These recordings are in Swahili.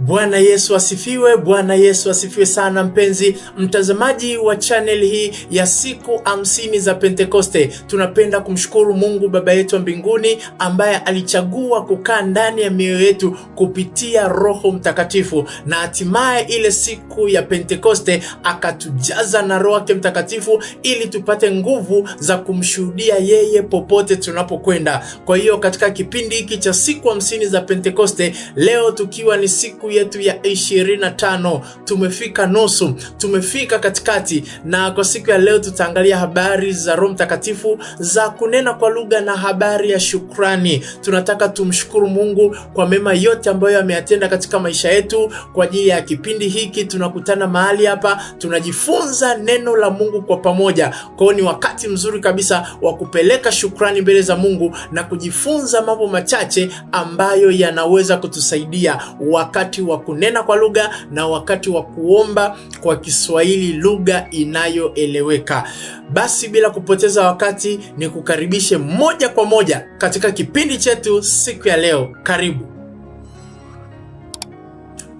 Bwana Yesu asifiwe. Bwana Yesu asifiwe sana, mpenzi mtazamaji wa channel hii ya siku hamsini za Pentekoste. Tunapenda kumshukuru Mungu Baba yetu wa mbinguni ambaye alichagua kukaa ndani ya mioyo yetu kupitia Roho Mtakatifu, na hatimaye ile siku ya Pentekoste akatujaza na Roho yake Mtakatifu ili tupate nguvu za kumshuhudia yeye popote tunapokwenda. Kwa hiyo katika kipindi hiki cha siku hamsini za Pentekoste, leo tukiwa ni siku siku yetu ya 25 tumefika nusu, tumefika katikati, na kwa siku ya leo tutaangalia habari za Roho Mtakatifu za kunena kwa lugha na habari ya shukrani. Tunataka tumshukuru Mungu kwa mema yote ambayo ameyatenda katika maisha yetu. Kwa ajili ya kipindi hiki tunakutana mahali hapa, tunajifunza neno la Mungu kwa pamoja. Kwao ni wakati mzuri kabisa wa kupeleka shukrani mbele za Mungu na kujifunza mambo machache ambayo yanaweza kutusaidia wakati wakati wa kunena kwa lugha na wakati wa kuomba kwa Kiswahili, lugha inayoeleweka. Basi bila kupoteza wakati, ni kukaribishe moja kwa moja katika kipindi chetu siku ya leo. Karibu.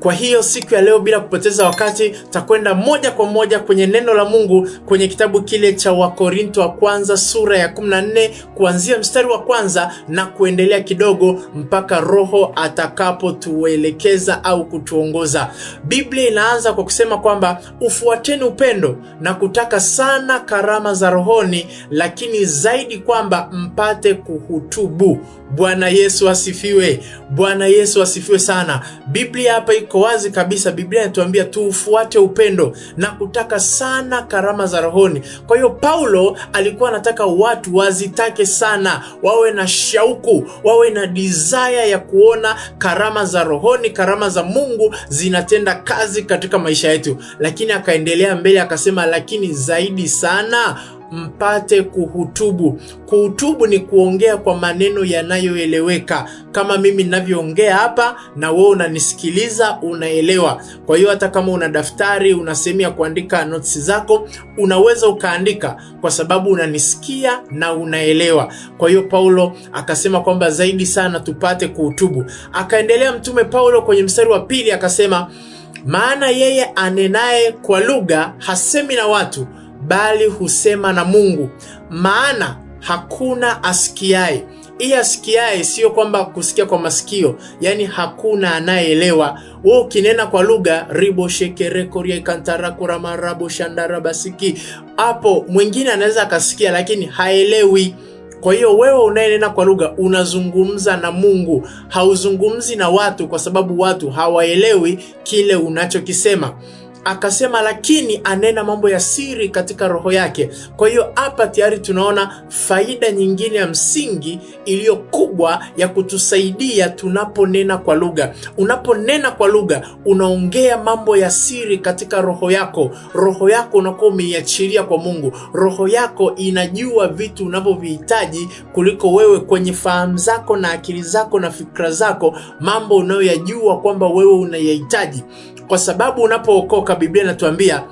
Kwa hiyo siku ya leo, bila kupoteza wakati, takwenda moja kwa moja kwenye neno la Mungu kwenye kitabu kile cha Wakorinto wa kwanza sura ya 14 kuanzia mstari wa kwanza na kuendelea kidogo mpaka Roho atakapotuelekeza au kutuongoza. Biblia inaanza kwa kusema kwamba ufuateni upendo na kutaka sana karama za rohoni, lakini zaidi kwamba mpate kuhutubu. Bwana Yesu asifiwe. Bwana Yesu asifiwe sana. Biblia hapa iko wazi kabisa. Biblia inatuambia tuufuate upendo na kutaka sana karama za rohoni. Kwa hiyo Paulo alikuwa anataka watu wazitake sana, wawe na shauku, wawe na desire ya kuona karama za rohoni, karama za Mungu zinatenda kazi katika maisha yetu. Lakini akaendelea mbele akasema, lakini zaidi sana mpate kuhutubu. Kuhutubu ni kuongea kwa maneno yanayoeleweka, kama mimi ninavyoongea hapa na wewe unanisikiliza, unaelewa. Kwa hiyo hata kama una daftari una sehemu ya kuandika notes zako, unaweza ukaandika, kwa sababu unanisikia na unaelewa. Kwa hiyo Paulo akasema kwamba zaidi sana tupate kuhutubu. Akaendelea Mtume Paulo kwenye mstari wa pili akasema, maana yeye anenaye kwa lugha hasemi na watu bali husema na Mungu, maana hakuna asikiaye. Hii asikiae sio kwamba kusikia kwa masikio, yaani hakuna anayeelewa. Wewe ukinena kwa lugha ribo shekerekoria ikantara kuramarabo shandarabasiki, hapo mwingine anaweza akasikia, lakini haelewi. Kwa hiyo wewe unayenena kwa lugha unazungumza na Mungu, hauzungumzi na watu, kwa sababu watu hawaelewi kile unachokisema akasema, lakini anena mambo ya siri katika roho yake. Kwa hiyo hapa tayari tunaona faida nyingine ya msingi iliyo kubwa ya kutusaidia tunaponena kwa lugha. Unaponena kwa lugha, unaongea mambo ya siri katika roho yako. Roho yako unakuwa umeiachilia kwa Mungu. Roho yako inajua vitu unavyovihitaji kuliko wewe kwenye fahamu zako na akili zako na fikra zako, mambo unayoyajua kwamba wewe unayahitaji kwa sababu unapookoka Biblia inatuambia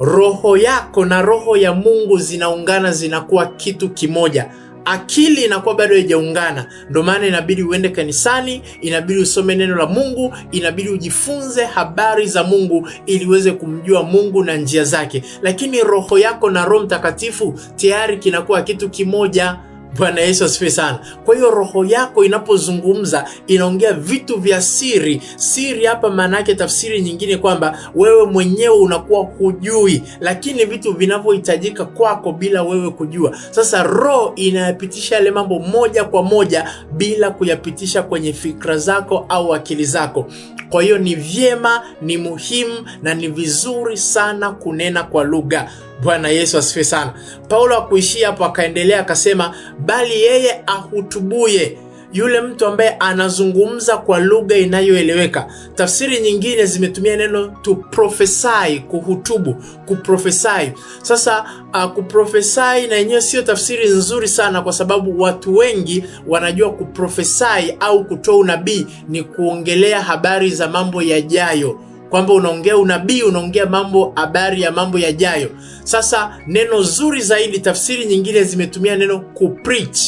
roho yako na roho ya Mungu zinaungana, zinakuwa kitu kimoja. Akili inakuwa bado haijaungana, ndio maana inabidi uende kanisani, inabidi usome neno la Mungu, inabidi ujifunze habari za Mungu ili uweze kumjua Mungu na njia zake, lakini roho yako na Roho Mtakatifu tayari kinakuwa kitu kimoja. Bwana Yesu asifiwe sana. Kwa hiyo roho yako inapozungumza inaongea vitu vya siri. Siri hapa maana yake tafsiri nyingine kwamba wewe mwenyewe unakuwa hujui, lakini vitu vinavyohitajika kwako bila wewe kujua. Sasa roho inayapitisha yale mambo moja kwa moja bila kuyapitisha kwenye fikra zako au akili zako. Kwa hiyo ni vyema, ni muhimu na ni vizuri sana kunena kwa lugha. Bwana Yesu asifiwe sana. Paulo hakuishia hapo, akaendelea akasema, bali yeye ahutubuye yule mtu ambaye anazungumza kwa lugha inayoeleweka. Tafsiri nyingine zimetumia neno to prophesy, kuhutubu, kuprofesai. Sasa uh, kuprofesai na yenyewe sio tafsiri nzuri sana, kwa sababu watu wengi wanajua kuprofesai au kutoa unabii ni kuongelea habari za mambo yajayo kwamba unaongea unabii, unaongea mambo, habari ya mambo yajayo. Sasa neno zuri zaidi, tafsiri nyingine zimetumia neno kuprich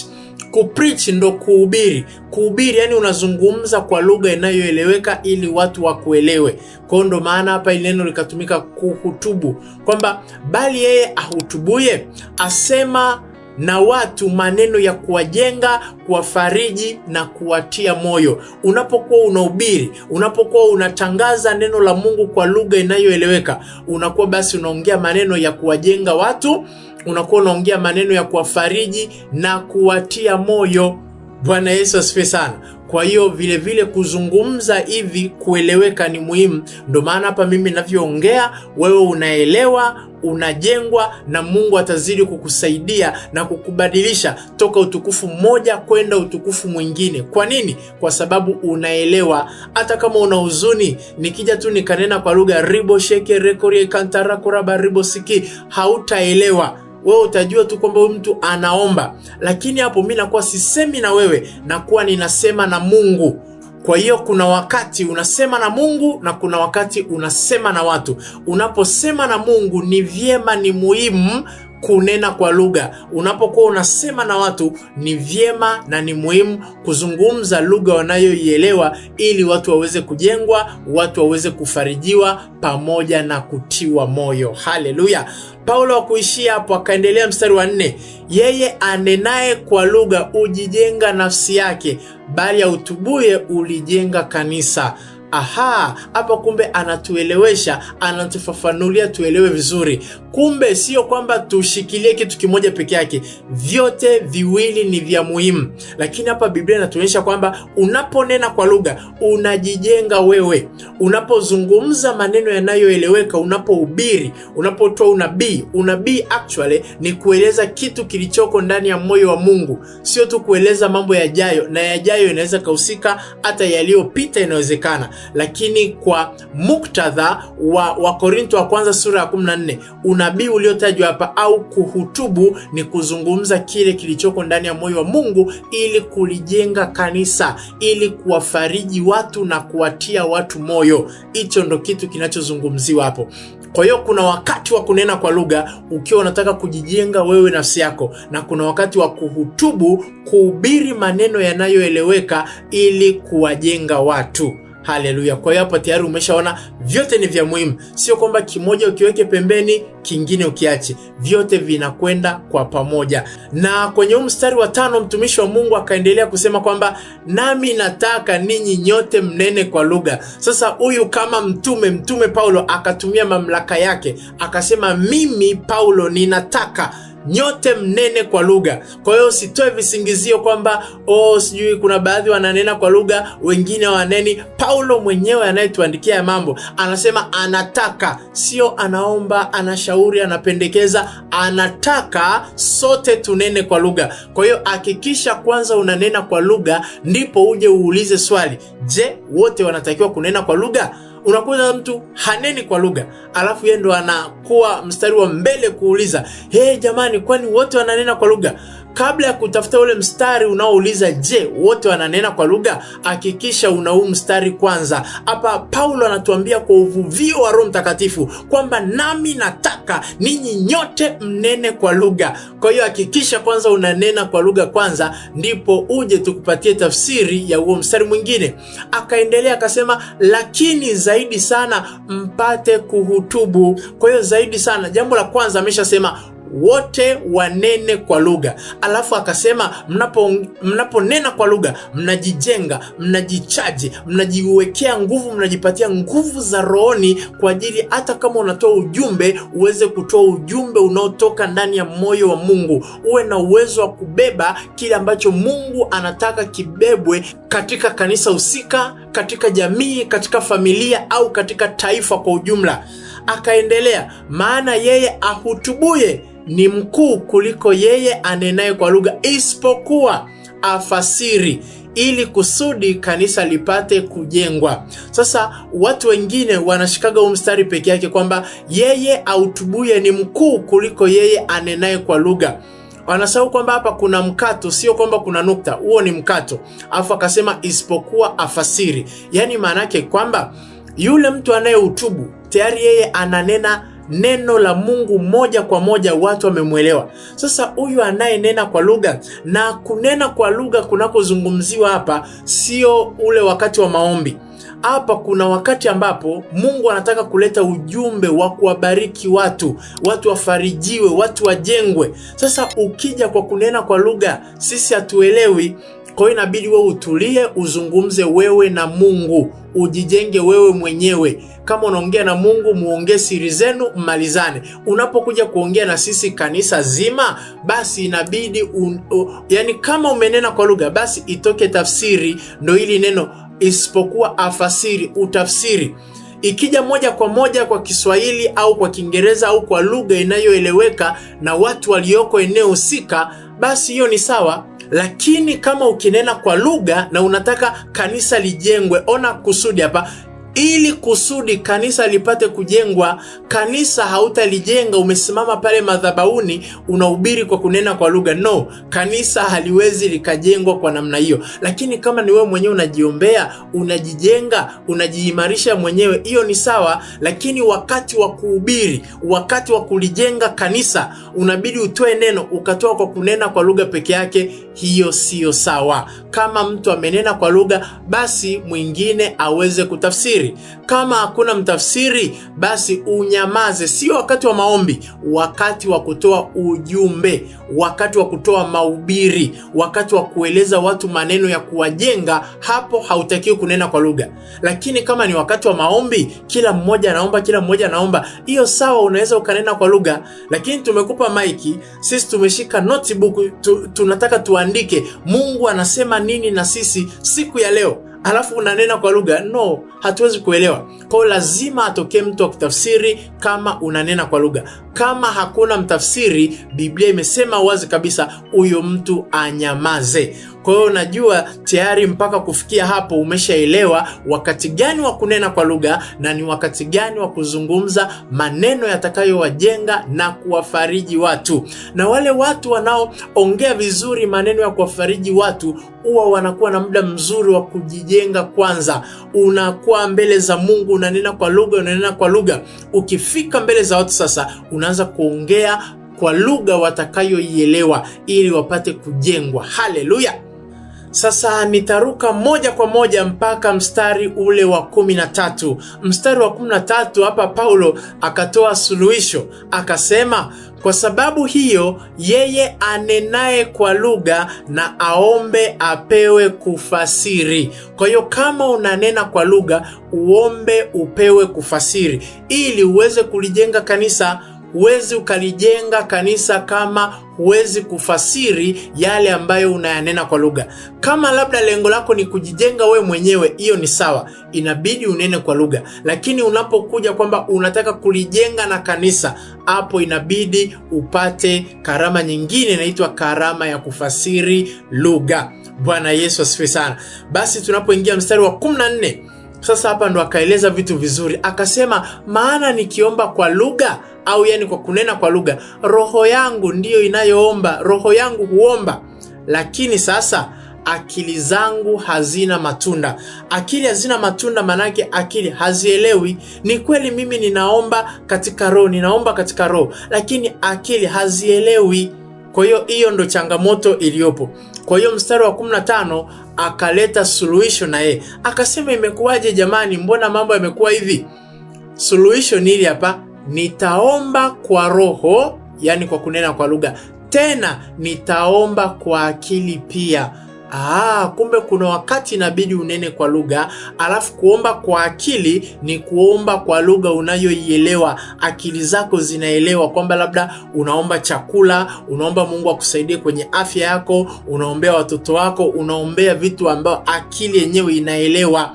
kuprich ndo kuhubiri. Kuhubiri yani unazungumza kwa lugha inayoeleweka ili watu wakuelewe. kwao ndo maana hapa ili neno likatumika kuhutubu, kwamba bali yeye ahutubuye asema na watu maneno ya kuwajenga, kuwafariji na kuwatia moyo. Unapokuwa unahubiri, unapokuwa unatangaza neno la Mungu kwa lugha inayoeleweka, unakuwa basi unaongea maneno ya kuwajenga watu, unakuwa unaongea maneno ya kuwafariji na kuwatia moyo. Bwana Yesu asifiwe sana. Kwa hiyo vile vile kuzungumza hivi, kueleweka ni muhimu. Ndio maana hapa mimi ninavyoongea, wewe unaelewa, unajengwa na Mungu atazidi kukusaidia na kukubadilisha toka utukufu mmoja kwenda utukufu mwingine. Kwa nini? Kwa sababu unaelewa. Hata kama una huzuni, nikija tu nikanena kwa lugha ribo sheke rekorie kantara kuraba ribo siki, hautaelewa wewe utajua tu kwamba huyu mtu anaomba, lakini hapo mi nakuwa sisemi na wewe, nakuwa ninasema na Mungu. Kwa hiyo kuna wakati unasema na Mungu na kuna wakati unasema na watu. Unaposema na Mungu ni vyema, ni muhimu kunena kwa lugha. Unapokuwa unasema na watu, ni vyema na ni muhimu kuzungumza lugha wanayoielewa, ili watu waweze kujengwa, watu waweze kufarijiwa pamoja na kutiwa moyo. Haleluya! Paulo hakuishia hapo, akaendelea mstari wa nne, yeye anenaye kwa lugha ujijenga nafsi yake, bali autubuye ulijenga kanisa. Aha, hapa kumbe anatuelewesha, anatufafanulia tuelewe vizuri. Kumbe sio kwamba tushikilie kitu kimoja peke yake, vyote viwili ni vya muhimu. Lakini hapa Biblia inatuonyesha kwamba unaponena kwa lugha unajijenga wewe, unapozungumza maneno yanayoeleweka, unapohubiri, unapotoa unabii unabii. Unabii actually ni kueleza kitu kilichoko ndani ya moyo wa Mungu, sio tu kueleza mambo yajayo, na yajayo inaweza kahusika, hata yaliyopita inawezekana, lakini kwa muktadha wa Wakorinto wa kwanza sura ya 14 unabii uliotajwa hapa au kuhutubu ni kuzungumza kile kilichoko ndani ya moyo wa Mungu ili kulijenga kanisa, ili kuwafariji watu na kuwatia watu moyo. Hicho ndo kitu kinachozungumziwa hapo. Kwa hiyo kuna wakati wa kunena kwa lugha ukiwa unataka kujijenga wewe nafsi yako, na kuna wakati wa kuhutubu, kuhubiri maneno yanayoeleweka ili kuwajenga watu. Haleluya! Kwa hiyo hapo tayari umeshaona vyote ni vya muhimu, sio kwamba kimoja ukiweke pembeni kingine ukiache, vyote vinakwenda kwa pamoja. Na kwenye huu mstari wa tano mtumishi wa Mungu akaendelea kusema kwamba nami nataka ninyi nyote mnene kwa lugha. Sasa huyu kama mtume, mtume Paulo akatumia mamlaka yake akasema, mimi Paulo ninataka nyote mnene kwa lugha. Kwa hiyo usitoe visingizio kwamba oh, sijui kuna baadhi wananena kwa lugha, wengine waneni. Paulo mwenyewe anayetuandikia ya mambo anasema anataka, sio anaomba, anashauri, anapendekeza, anataka sote tunene kwa lugha. Kwa hiyo hakikisha kwanza unanena kwa lugha, ndipo uje uulize swali, je, wote wanatakiwa kunena kwa lugha? unakuta mtu haneni kwa lugha, alafu yeye ndo anakuwa mstari wa mbele kuuliza, hey, jamani, kwani wote wananena kwa lugha? kabla ya kutafuta ule mstari unaouliza je, wote wananena kwa lugha, hakikisha una huu mstari kwanza. Hapa Paulo anatuambia kwa uvuvio wa Roho Mtakatifu kwamba nami nataka ninyi nyote mnene kwa lugha. Kwa hiyo hakikisha kwanza unanena kwa lugha kwanza, ndipo uje tukupatie tafsiri ya huo mstari mwingine. Akaendelea akasema, lakini zaidi sana mpate kuhutubu. Kwa hiyo zaidi sana, jambo la kwanza ameshasema wote wanene kwa lugha. Alafu akasema mnaponena mnapo kwa lugha mnajijenga, mnajichaji, mnajiwekea nguvu, mnajipatia nguvu za rohoni kwa ajili hata kama unatoa ujumbe uweze kutoa ujumbe unaotoka ndani ya moyo wa Mungu, uwe na uwezo wa kubeba kile ambacho Mungu anataka kibebwe katika kanisa husika, katika jamii, katika familia au katika taifa kwa ujumla. Akaendelea, maana yeye ahutubuye ni mkuu kuliko yeye anenaye kwa lugha, isipokuwa afasiri ili kusudi kanisa lipate kujengwa. Sasa watu wengine wanashikaga huu mstari peke yake kwamba yeye autubuye ni mkuu kuliko yeye anenaye kwa lugha. Wanasahau kwamba hapa kuna mkato, sio kwamba kuna nukta. Huo ni mkato, alafu akasema isipokuwa afasiri, yaani maana yake kwamba yule mtu anayeutubu tayari yeye ananena neno la Mungu moja kwa moja, watu wamemwelewa. Sasa huyu anayenena kwa lugha, na kunena kwa lugha kunakozungumziwa hapa sio ule wakati wa maombi. Hapa kuna wakati ambapo Mungu anataka kuleta ujumbe wa kuwabariki watu, watu wafarijiwe, watu wajengwe. Sasa ukija kwa kunena kwa lugha, sisi hatuelewi kwa hiyo inabidi wewe utulie, uzungumze wewe na Mungu, ujijenge wewe mwenyewe. Kama unaongea na Mungu, muongee siri zenu, mmalizane. Unapokuja kuongea na sisi kanisa zima, basi inabidi un, un, yani kama umenena kwa lugha, basi itoke tafsiri, ndo hili neno isipokuwa afasiri, utafsiri ikija moja kwa moja kwa Kiswahili au kwa Kiingereza au kwa lugha inayoeleweka na watu walioko eneo husika, basi hiyo ni sawa. Lakini kama ukinena kwa lugha na unataka kanisa lijengwe, ona kusudi hapa ili kusudi kanisa lipate kujengwa. Kanisa hautalijenga umesimama pale madhabauni unahubiri kwa kunena kwa lugha, no. Kanisa haliwezi likajengwa kwa namna hiyo, lakini kama ni wewe mwenyewe unajiombea, unajijenga, unajiimarisha mwenyewe, hiyo ni sawa. Lakini wakati wa kuhubiri, wakati wa kulijenga kanisa, unabidi utoe neno, ukatoa kwa kunena kwa lugha peke yake, hiyo siyo sawa. Kama mtu amenena kwa lugha, basi mwingine aweze kutafsiri mtafsiri. Kama hakuna mtafsiri, basi unyamaze. Sio wakati wa maombi, wakati wa kutoa ujumbe, wakati wa kutoa mahubiri, wakati wa kueleza watu maneno ya kuwajenga, hapo hautakiwi kunena kwa lugha. Lakini kama ni wakati wa maombi, kila mmoja anaomba, kila mmoja anaomba, hiyo sawa, unaweza ukanena kwa lugha. Lakini tumekupa maiki, sisi tumeshika notebook tu, tunataka tuandike Mungu anasema nini na sisi siku ya leo alafu unanena kwa lugha no hatuwezi kuelewa kwao lazima atokee mtu wa kutafsiri kama unanena kwa lugha kama hakuna mtafsiri biblia imesema wazi kabisa huyo mtu anyamaze kwa hiyo unajua tayari mpaka kufikia hapo umeshaelewa wakati gani wa kunena kwa lugha na ni wakati gani wa kuzungumza maneno yatakayowajenga na kuwafariji watu. Na wale watu wanaoongea vizuri maneno ya kuwafariji watu huwa wanakuwa na muda mzuri wa kujijenga kwanza. Unakuwa mbele za Mungu, unanena kwa lugha, unanena kwa lugha. Ukifika mbele za watu sasa, unaanza kuongea kwa lugha watakayoielewa, ili wapate kujengwa. Haleluya! Sasa nitaruka moja kwa moja mpaka mstari ule wa kumi na tatu. Mstari wa kumi na tatu hapa Paulo akatoa suluhisho akasema, kwa sababu hiyo yeye anenaye kwa lugha na aombe apewe kufasiri. Kwa hiyo kama unanena kwa lugha, uombe upewe kufasiri ili uweze kulijenga kanisa huwezi ukalijenga kanisa kama huwezi kufasiri yale ambayo unayanena kwa lugha. Kama labda lengo lako ni kujijenga we mwenyewe, hiyo ni sawa, inabidi unene kwa lugha. Lakini unapokuja kwamba unataka kulijenga na kanisa, hapo inabidi upate karama nyingine, inaitwa karama ya kufasiri lugha. Bwana Yesu asifiwe sana. Basi tunapoingia mstari wa 14 sasa hapa ndo akaeleza vitu vizuri, akasema maana nikiomba kwa lugha au yani kwa kunena kwa lugha, roho yangu ndiyo inayoomba, roho yangu huomba, lakini sasa akili zangu hazina matunda. Akili hazina matunda, manake akili hazielewi. Ni kweli mimi ninaomba katika roho, ninaomba katika roho, lakini akili hazielewi. Kwa hiyo hiyo ndo changamoto iliyopo. Kwa hiyo mstari wa 15 akaleta suluhisho na yeye akasema, imekuwaje jamani, mbona mambo yamekuwa hivi? Suluhisho ni hapa, nitaomba kwa roho, yani kwa kunena kwa lugha, tena nitaomba kwa akili pia. Ah, kumbe kuna wakati inabidi unene kwa lugha, alafu kuomba kwa akili ni kuomba kwa lugha unayoielewa, akili zako zinaelewa kwamba labda unaomba chakula, unaomba Mungu akusaidie kwenye afya yako, unaombea watoto wako, unaombea vitu ambayo akili yenyewe inaelewa.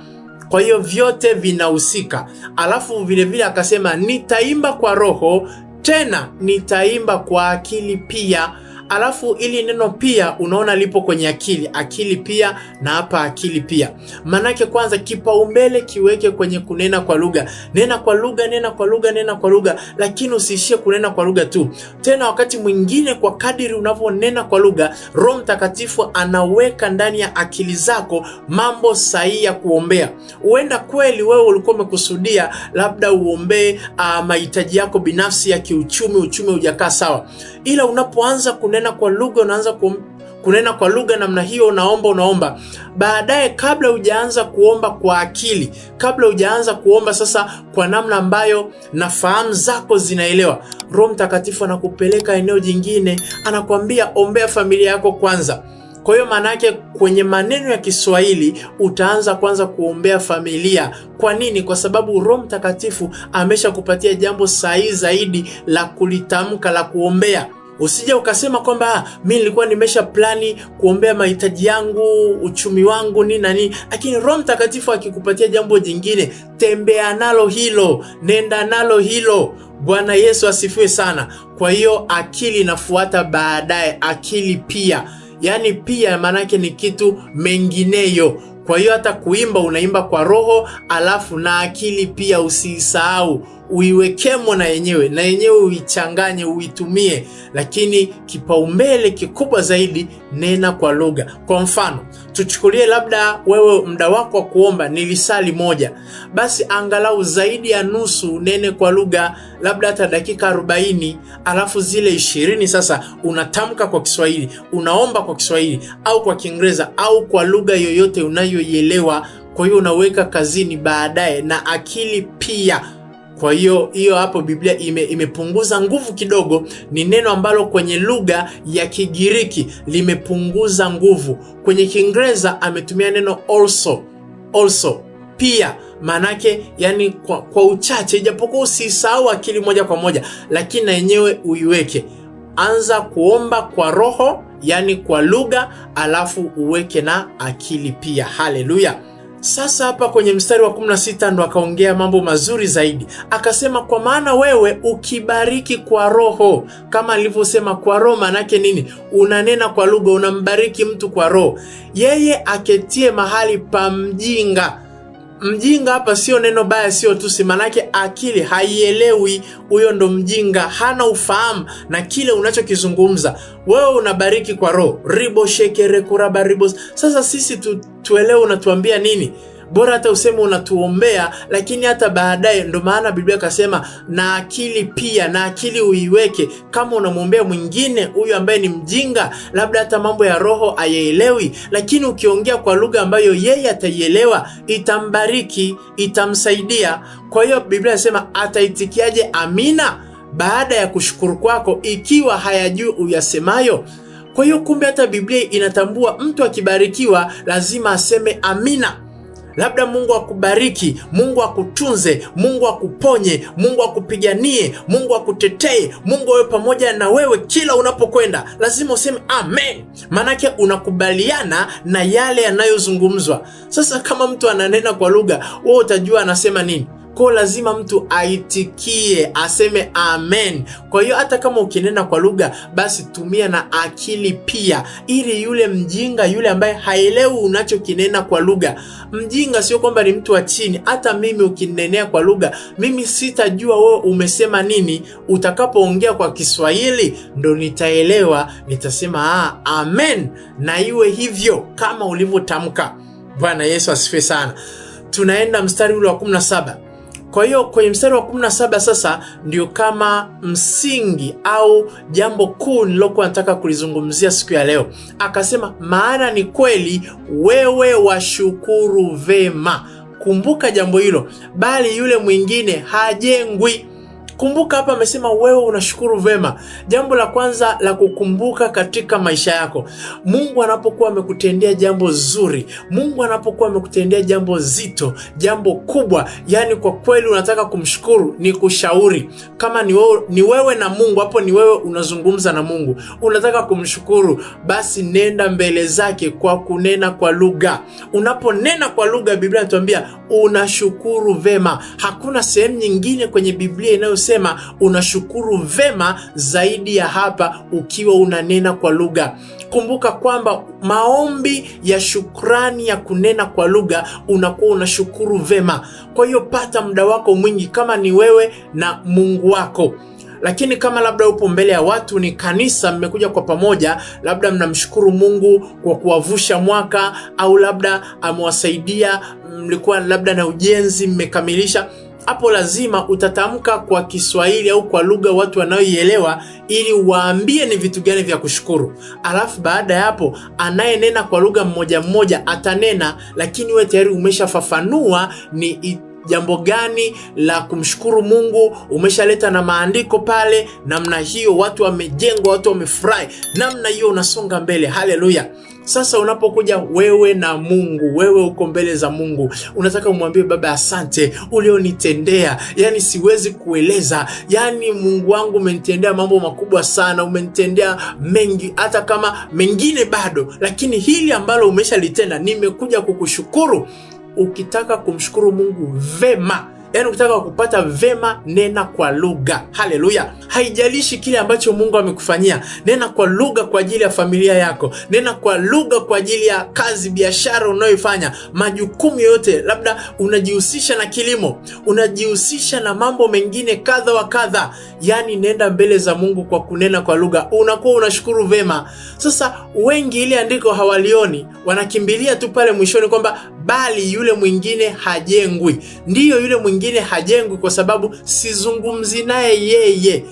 Kwa hiyo vyote vinahusika. Alafu vile vile akasema nitaimba kwa roho, tena nitaimba kwa akili pia alafu ili neno pia unaona lipo kwenye akili, akili pia na hapa akili pia. Manake kwanza kipaumbele kiweke kwenye kunena kwa lugha. Nena kwa lugha, nena kwa lugha, nena kwa lugha, lakini usiishie kunena kwa lugha tu. Tena wakati mwingine, kwa kadiri unavyonena kwa lugha, Roho Mtakatifu anaweka ndani ya akili zako mambo sahihi ya kuombea. Huenda kweli wewe ulikuwa umekusudia labda uombee ah, mahitaji yako binafsi ya kiuchumi, uchumi hujakaa sawa, ila unapoanza kunena kunena kwa lugha, unaanza kunena kwa lugha namna hiyo, unaomba unaomba. Baadaye, kabla hujaanza kuomba kwa akili, kabla hujaanza kuomba sasa kwa namna ambayo na fahamu zako zinaelewa, Roho Mtakatifu anakupeleka eneo jingine, anakuambia ombea familia yako kwanza. Kwa hiyo maana kwenye maneno ya Kiswahili utaanza kwanza kuombea familia. Kwa nini? Kwa sababu Roho Mtakatifu ameshakupatia jambo sahihi zaidi la kulitamka la kuombea. Usije ukasema kwamba ah, mi nilikuwa nimesha plani kuombea mahitaji yangu, uchumi wangu, ni nani, lakini Roho Mtakatifu akikupatia jambo jingine, tembea nalo hilo, nenda nalo hilo. Bwana Yesu asifiwe sana. Kwa hiyo akili inafuata baadaye, akili pia, yaani pia maanake ni kitu mengineyo. Kwa hiyo hata kuimba unaimba kwa roho, alafu na akili pia usiisahau uiwekemo na yenyewe na yenyewe uichanganye, uitumie, lakini kipaumbele kikubwa zaidi, nena kwa lugha. Kwa mfano, tuchukulie labda wewe mda wako wa kuomba ni lisali moja, basi angalau zaidi ya nusu nene kwa lugha, labda hata dakika 40, alafu zile ishirini sasa unatamka kwa Kiswahili, unaomba kwa Kiswahili au kwa Kiingereza au kwa lugha yoyote unayoielewa. Kwa hiyo unaweka kazini baadaye na akili pia kwa hiyo hiyo hapo Biblia ime, imepunguza nguvu kidogo. Ni neno ambalo kwenye lugha ya Kigiriki limepunguza nguvu. Kwenye Kiingereza ametumia neno also, also pia maanake yani kwa, kwa uchache, ijapokuwa usisahau akili moja kwa moja, lakini na yenyewe uiweke. Anza kuomba kwa roho, yani kwa lugha, alafu uweke na akili pia. Haleluya! Sasa hapa kwenye mstari wa 16 ndo akaongea mambo mazuri zaidi, akasema, kwa maana wewe ukibariki kwa roho kama alivyosema kwa roho, manake nini? Unanena kwa lugha, unambariki mtu kwa roho, yeye aketie mahali pa mjinga Mjinga hapa sio neno baya, sio tusi, manake akili haielewi. Huyo ndo mjinga, hana ufahamu na kile unachokizungumza wewe. Unabariki kwa roho ribo shekere kuraba Sasa sisi tu, tuelewe unatuambia nini? bora hata useme unatuombea, lakini hata baadaye. Ndo maana Biblia akasema na akili pia, na akili uiweke, kama unamwombea mwingine huyu ambaye ni mjinga, labda hata mambo ya roho ayeelewi lakini ukiongea kwa lugha ambayo yeye ataielewa, itambariki, itamsaidia. Kwa hiyo Biblia anasema ataitikiaje amina baada ya kushukuru kwako, ikiwa hayajui uyasemayo? Kwa hiyo kumbe hata Biblia inatambua mtu akibarikiwa lazima aseme amina. Labda Mungu akubariki, Mungu akutunze, Mungu akuponye, Mungu akupiganie, Mungu akutetee, Mungu awe pamoja na wewe kila unapokwenda. Lazima useme amen, maanake unakubaliana na yale yanayozungumzwa. Sasa kama mtu ananena kwa lugha, wewe utajua anasema nini ko lazima mtu aitikie aseme amen. Kwa hiyo hata kama ukinena kwa lugha, basi tumia na akili pia, ili yule mjinga, yule ambaye haelewi unachokinena kwa lugha. Mjinga sio kwamba ni mtu wa chini. Hata mimi ukinenea kwa lugha, mimi sitajua wewe umesema nini. Utakapoongea kwa Kiswahili ndo nitaelewa, nitasema ah, amen, na iwe hivyo kama ulivyotamka. Bwana Yesu asifiwe sana. Tunaenda mstari ule wa 17. Kwa hiyo kwenye mstari wa 17 sasa ndio kama msingi au jambo kuu nilokuwa nataka kulizungumzia siku ya leo. Akasema maana ni kweli wewe washukuru vema. Kumbuka jambo hilo, bali yule mwingine hajengwi. Kumbuka hapa amesema wewe unashukuru vema. Jambo la kwanza la kukumbuka katika maisha yako, Mungu anapokuwa amekutendea jambo zuri, Mungu anapokuwa amekutendea jambo zito, jambo kubwa, yani kwa kweli unataka kumshukuru, ni kushauri kama ni wewe, ni wewe na Mungu hapo, ni wewe unazungumza na Mungu, unataka kumshukuru, basi nenda mbele zake kwa kunena kwa lugha. Unaponena kwa lugha, Biblia inatuambia unashukuru vema. Hakuna sehemu nyingine kwenye Biblia inayo anasema unashukuru vema zaidi ya hapa ukiwa unanena kwa lugha. Kumbuka kwamba maombi ya shukrani ya kunena kwa lugha unakuwa unashukuru vema. Kwa hiyo pata muda wako mwingi, kama ni wewe na Mungu wako lakini kama labda upo mbele ya watu, ni kanisa, mmekuja kwa pamoja, labda mnamshukuru Mungu kwa kuwavusha mwaka, au labda amewasaidia, mlikuwa labda na ujenzi mmekamilisha hapo lazima utatamka kwa Kiswahili au kwa lugha watu wanaoielewa, ili waambie ni vitu gani vya kushukuru. Alafu baada ya hapo, anayenena kwa lugha mmoja mmoja atanena, lakini wewe tayari umeshafafanua ni jambo gani la kumshukuru Mungu umeshaleta na maandiko pale. Namna hiyo watu wamejengwa, watu wamefurahi, namna hiyo unasonga mbele. Haleluya! Sasa unapokuja wewe na Mungu, wewe uko mbele za Mungu, unataka umwambie Baba, asante ulionitendea, yani siwezi kueleza, yani Mungu wangu umenitendea mambo makubwa sana, umenitendea mengi, hata kama mengine bado, lakini hili ambalo umeshalitenda nimekuja kukushukuru ukitaka kumshukuru Mungu vema yaani ukitaka kupata vema, nena kwa lugha. Haleluya! Haijalishi kile ambacho Mungu amekufanyia, nena kwa lugha kwa ajili ya familia yako, nena kwa lugha kwa ajili ya kazi, biashara unayoifanya, majukumu yoyote. Labda unajihusisha na kilimo, unajihusisha na mambo mengine kadha wa kadha, yaani nenda mbele za Mungu kwa kunena kwa lugha, unakuwa unashukuru vema. Sasa wengi ile andiko hawalioni, wanakimbilia tu pale mwishoni kwamba bali yule mwingine hajengwi. Ndiyo, yule mwingine hajengwi kwa sababu sizungumzi naye yeye.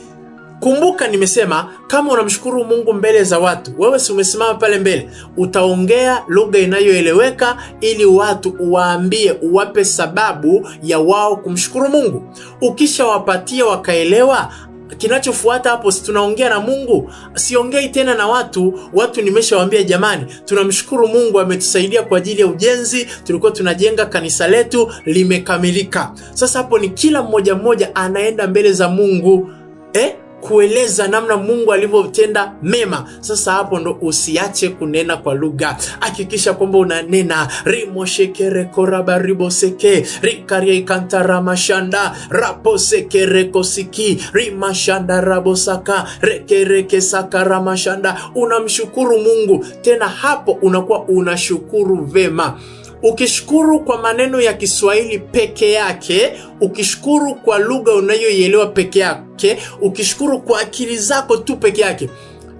Kumbuka nimesema kama unamshukuru Mungu mbele za watu, wewe si umesimama pale mbele, utaongea lugha inayoeleweka ili watu uwaambie, uwape sababu ya wao kumshukuru Mungu. Ukishawapatia wakaelewa, kinachofuata hapo, si tunaongea na Mungu, siongei tena na watu. Watu nimeshawaambia, jamani, tunamshukuru Mungu ametusaidia kwa ajili ya ujenzi, tulikuwa tunajenga kanisa letu limekamilika. Sasa hapo ni kila mmoja mmoja anaenda mbele za Mungu eh? kueleza namna Mungu alivyotenda mema. Sasa hapo ndo usiache kunena kwa lugha, hakikisha kwamba unanena rimoshekerekorabariboseke rikariaikantaramashanda raposekerekosiki rimashanda rabosaka mashanda Unamshukuru Mungu tena, hapo unakuwa unashukuru vema. Ukishukuru kwa maneno ya Kiswahili peke yake, ukishukuru kwa lugha unayoielewa peke yake, ukishukuru kwa akili zako tu peke yake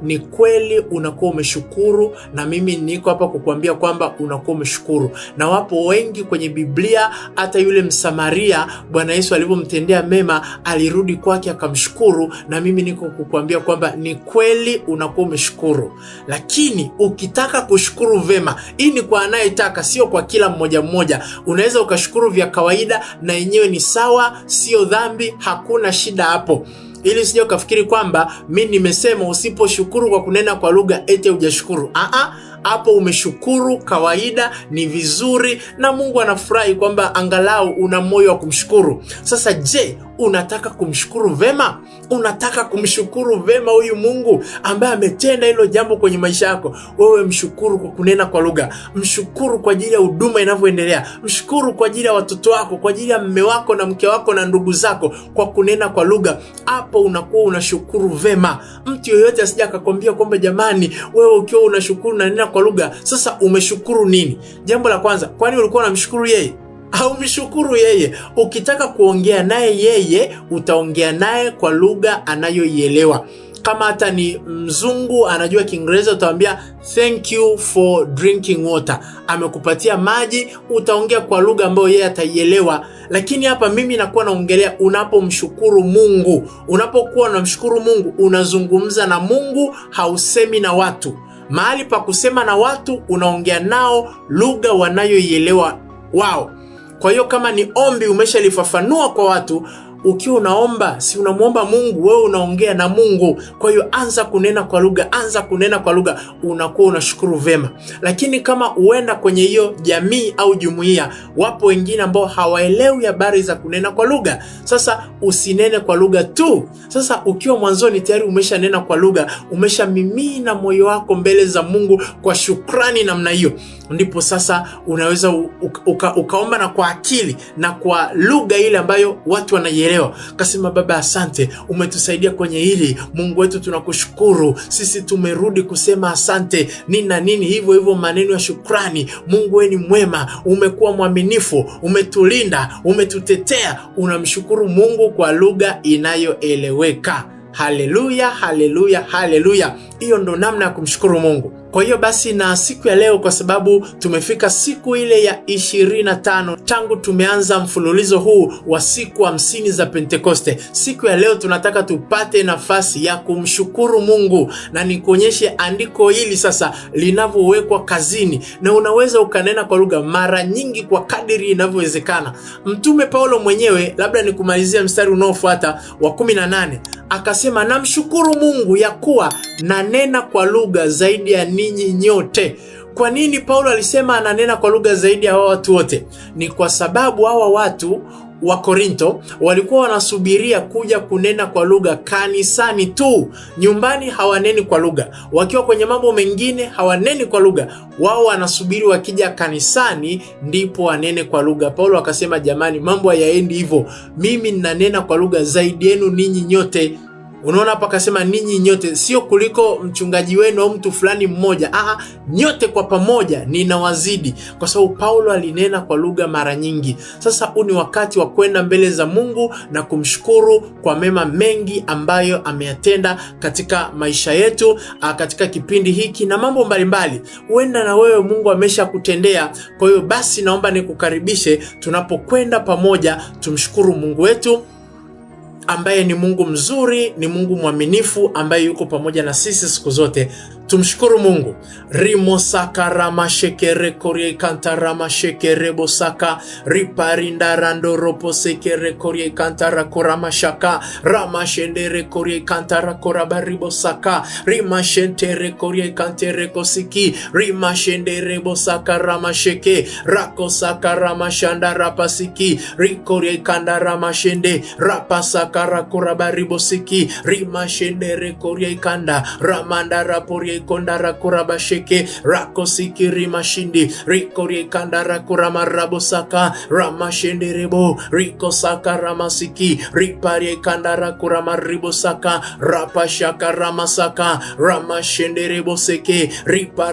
ni kweli unakuwa umeshukuru, na mimi niko hapa kukuambia kwamba unakuwa umeshukuru. Na wapo wengi kwenye Biblia, hata yule Msamaria Bwana Yesu alivyomtendea mema alirudi kwake akamshukuru, na mimi niko kukuambia kwamba ni kweli unakuwa umeshukuru. Lakini ukitaka kushukuru vema, hii ni kwa anayetaka, sio kwa kila mmoja mmoja. Unaweza ukashukuru vya kawaida, na yenyewe ni sawa, sio dhambi, hakuna shida hapo ili usije ukafikiri kwamba mi nimesema usiposhukuru kwa kunena kwa lugha eti hujashukuru. Aha, hapo umeshukuru kawaida, ni vizuri na Mungu anafurahi kwamba angalau una moyo wa kumshukuru. Sasa je, Unataka kumshukuru vema? Unataka kumshukuru vema huyu Mungu ambaye ametenda hilo jambo kwenye maisha yako? Wewe mshukuru kwa kunena kwa lugha, mshukuru kwa ajili ya huduma inavyoendelea, mshukuru kwa ajili ya watoto wako, kwa ajili ya mme wako na mke wako na ndugu zako, kwa kunena kwa lugha. Hapo unakuwa unashukuru vema. Mtu yoyote asija akakwambia kwamba jamani, wewe ukiwa unashukuru nanena kwa lugha, sasa umeshukuru nini? Jambo la kwanza, kwani ulikuwa unamshukuru yeye? haumshukuru yeye. Ukitaka kuongea naye yeye, utaongea naye kwa lugha anayoielewa. Kama hata ni mzungu anajua Kiingereza, utamwambia thank you for drinking water, amekupatia maji. Utaongea kwa lugha ambayo yeye ataielewa. Lakini hapa mimi nakuwa naongelea unapomshukuru Mungu. Unapokuwa unamshukuru Mungu, unazungumza na Mungu, hausemi na watu. Mahali pa kusema na watu, unaongea nao lugha wanayoielewa wao. Kwa hiyo kama ni ombi umeshalifafanua kwa watu ukiwa unaomba, si unamwomba Mungu, wewe unaongea na Mungu. Kwa hiyo anza kunena kwa lugha, anza kunena kwa lugha, unakuwa unashukuru vema. Lakini kama huenda kwenye hiyo jamii au jumuiya wapo wengine ambao hawaelewi habari za kunena kwa lugha, sasa usinene kwa lugha tu. Sasa ukiwa mwanzoni tayari umeshanena kwa lugha, umeshamimina moyo wako mbele za Mungu kwa shukrani namna hiyo, ndipo sasa unaweza uka, uka, ukaomba na kwa akili na kwa lugha ile ambayo watu wanaye umenielewa? Kasema, Baba asante, umetusaidia kwenye hili. Mungu wetu tunakushukuru, sisi tumerudi kusema asante nini na nini, hivyo hivyo maneno ya shukrani. Mungu wewe ni mwema, umekuwa mwaminifu, umetulinda, umetutetea. Unamshukuru Mungu kwa lugha inayoeleweka. Haleluya, haleluya, haleluya. Hiyo ndo namna ya kumshukuru Mungu. Kwa hiyo basi, na siku ya leo, kwa sababu tumefika siku ile ya 25 tangu tumeanza mfululizo huu wa siku hamsini za Pentekoste, siku ya leo tunataka tupate nafasi ya kumshukuru Mungu na nikuonyeshe andiko hili sasa linavyowekwa kazini, na unaweza ukanena kwa lugha mara nyingi kwa kadiri inavyowezekana. Mtume Paulo mwenyewe, labda nikumalizia mstari unaofuata wa 18, akasema namshukuru Mungu ya kuwa na ananena kwa lugha zaidi ya ninyi nyote. Kwa nini Paulo alisema ananena kwa lugha zaidi ya hawa watu wote? Ni kwa sababu hawa watu wa Korinto walikuwa wanasubiria kuja kunena kwa lugha kanisani tu. Nyumbani hawaneni kwa lugha, wakiwa kwenye mambo mengine hawaneni kwa lugha. Wao wanasubiri wakija kanisani ndipo wanene kwa lugha. Paulo akasema, jamani, mambo hayaendi hivyo. Mimi ninanena kwa lugha zaidi yenu ninyi nyote. Unaona hapa akasema ninyi nyote, sio kuliko mchungaji wenu au mtu fulani mmoja. Aha, nyote kwa pamoja ninawazidi, kwa sababu Paulo alinena kwa lugha mara nyingi. Sasa huu ni wakati wa kwenda mbele za Mungu na kumshukuru kwa mema mengi ambayo ameyatenda katika maisha yetu, ah, katika kipindi hiki na mambo mbalimbali. Huenda na wewe Mungu ameshakutendea. Kwa hiyo basi, naomba nikukaribishe tunapokwenda pamoja, tumshukuru Mungu wetu ambaye ni Mungu mzuri, ni Mungu mwaminifu ambaye yuko pamoja na sisi siku zote. Tumshukuru Mungu. rimo saka rama shekere korie kanta rama shekere bosaka riparinda rando ropo sekere korie kanta rakora mashaka rama shendere korie kanta rakoraba ribosaka rima shentere korie kante rekosiki rima shendere bosaka rama sheke rako saka rama shanda rapasiki rikorie kanda rama shende rapa saka rakoraba ribosiki rima shendere korie kanda ramanda raporie basheke rako sikiri mashindi riko saka rikoriekanda rakoramarabosaka ramashenderebo saka ramasiki ripariekanda rakoramaribosaka rapashaka ramasaka ramashenderebo seke ripa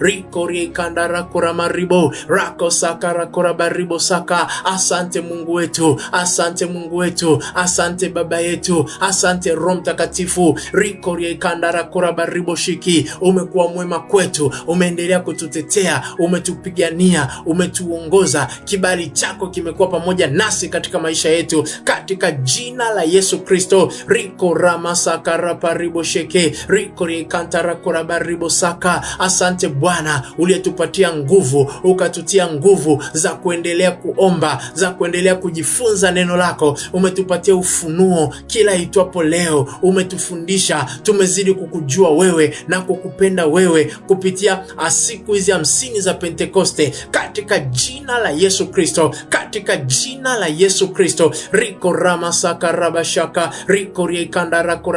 riko riparamasaka rako saka rakura rakosaka saka asante mungu wetu asante mungu wetu asante baba yetu asante roho mtakatifu rikoriekanda karakorabariboshiki, umekuwa mwema kwetu, umeendelea kututetea, umetupigania, umetuongoza. Kibali chako kimekuwa pamoja nasi katika maisha yetu, katika jina la Yesu Kristo. riko ramasakarapariboseke rikorikantarakorabaribosaka. Asante Bwana uliyetupatia nguvu, ukatutia nguvu za kuendelea kuomba, za kuendelea kujifunza neno lako. Umetupatia ufunuo kila itwapo leo, umetufundisha tumezidi ku kukujua wewe na kukupenda wewe kupitia ah, siku hizi hamsini za Pentekoste katika jina la Yesu Kristo, katika jina la Yesu Kristo. riko ramasakarabashaka riko rako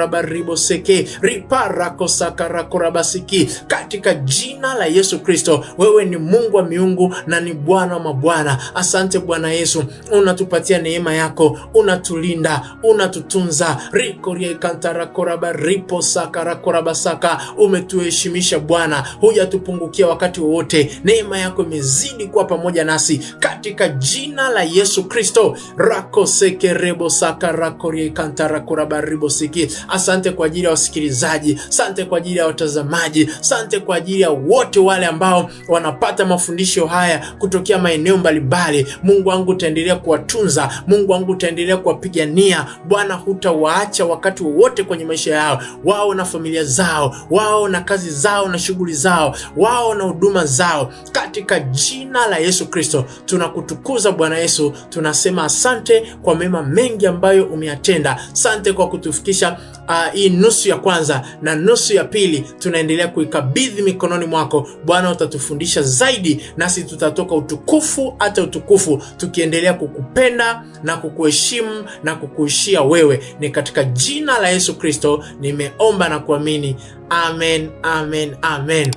riparakosakarako-rabasiki katika jina la Yesu Kristo. Wewe ni Mungu wa miungu na ni Bwana wa mabwana. Asante Bwana Yesu, unatupatia neema yako, unatulinda, unatutunza riko riekantarakorabariposakara korabasaka, umetuheshimisha Bwana, hujatupungukia wakati wowote. Neema yako imezidi kuwa pamoja nasi katika jina la Yesu Kristo. rakosekerebosaka rakoriekantarakurabaribosiki. Asante kwa ajili ya wasikilizaji, asante kwa ajili ya watazamaji, asante kwa ajili ya wote wale ambao wanapata mafundisho haya kutokea maeneo mbalimbali. Mungu wangu utaendelea kuwatunza, Mungu wangu utaendelea kuwapigania Bwana, hutawaacha wakati wowote kwenye maisha yao wao na familia familia zao, wao na kazi zao na shughuli zao, wao na huduma zao, katika jina la Yesu Kristo. Tunakutukuza Bwana Yesu, tunasema asante kwa mema mengi ambayo umeyatenda. Asante kwa kutufikisha uh, hii nusu ya kwanza na nusu ya pili tunaendelea kuikabidhi mikononi mwako Bwana. Utatufundisha zaidi, nasi tutatoka utukufu hata utukufu, tukiendelea kukupenda na kukuheshimu na kukuishia wewe. Ni katika jina la Yesu Kristo nimeomba na kuamini, amen, amen, amen.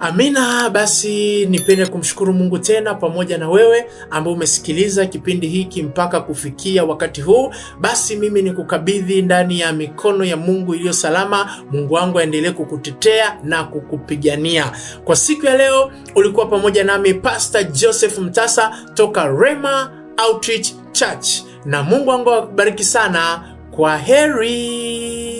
Amina. Basi nipende kumshukuru Mungu tena pamoja na wewe ambaye umesikiliza kipindi hiki mpaka kufikia wakati huu. Basi mimi ni kukabidhi ndani ya mikono ya Mungu iliyo salama. Mungu wangu aendelee kukutetea na kukupigania. Kwa siku ya leo ulikuwa pamoja nami Pastor Joseph Mtasa toka Rema Outreach Church, na Mungu wangu akubariki sana. Kwa heri.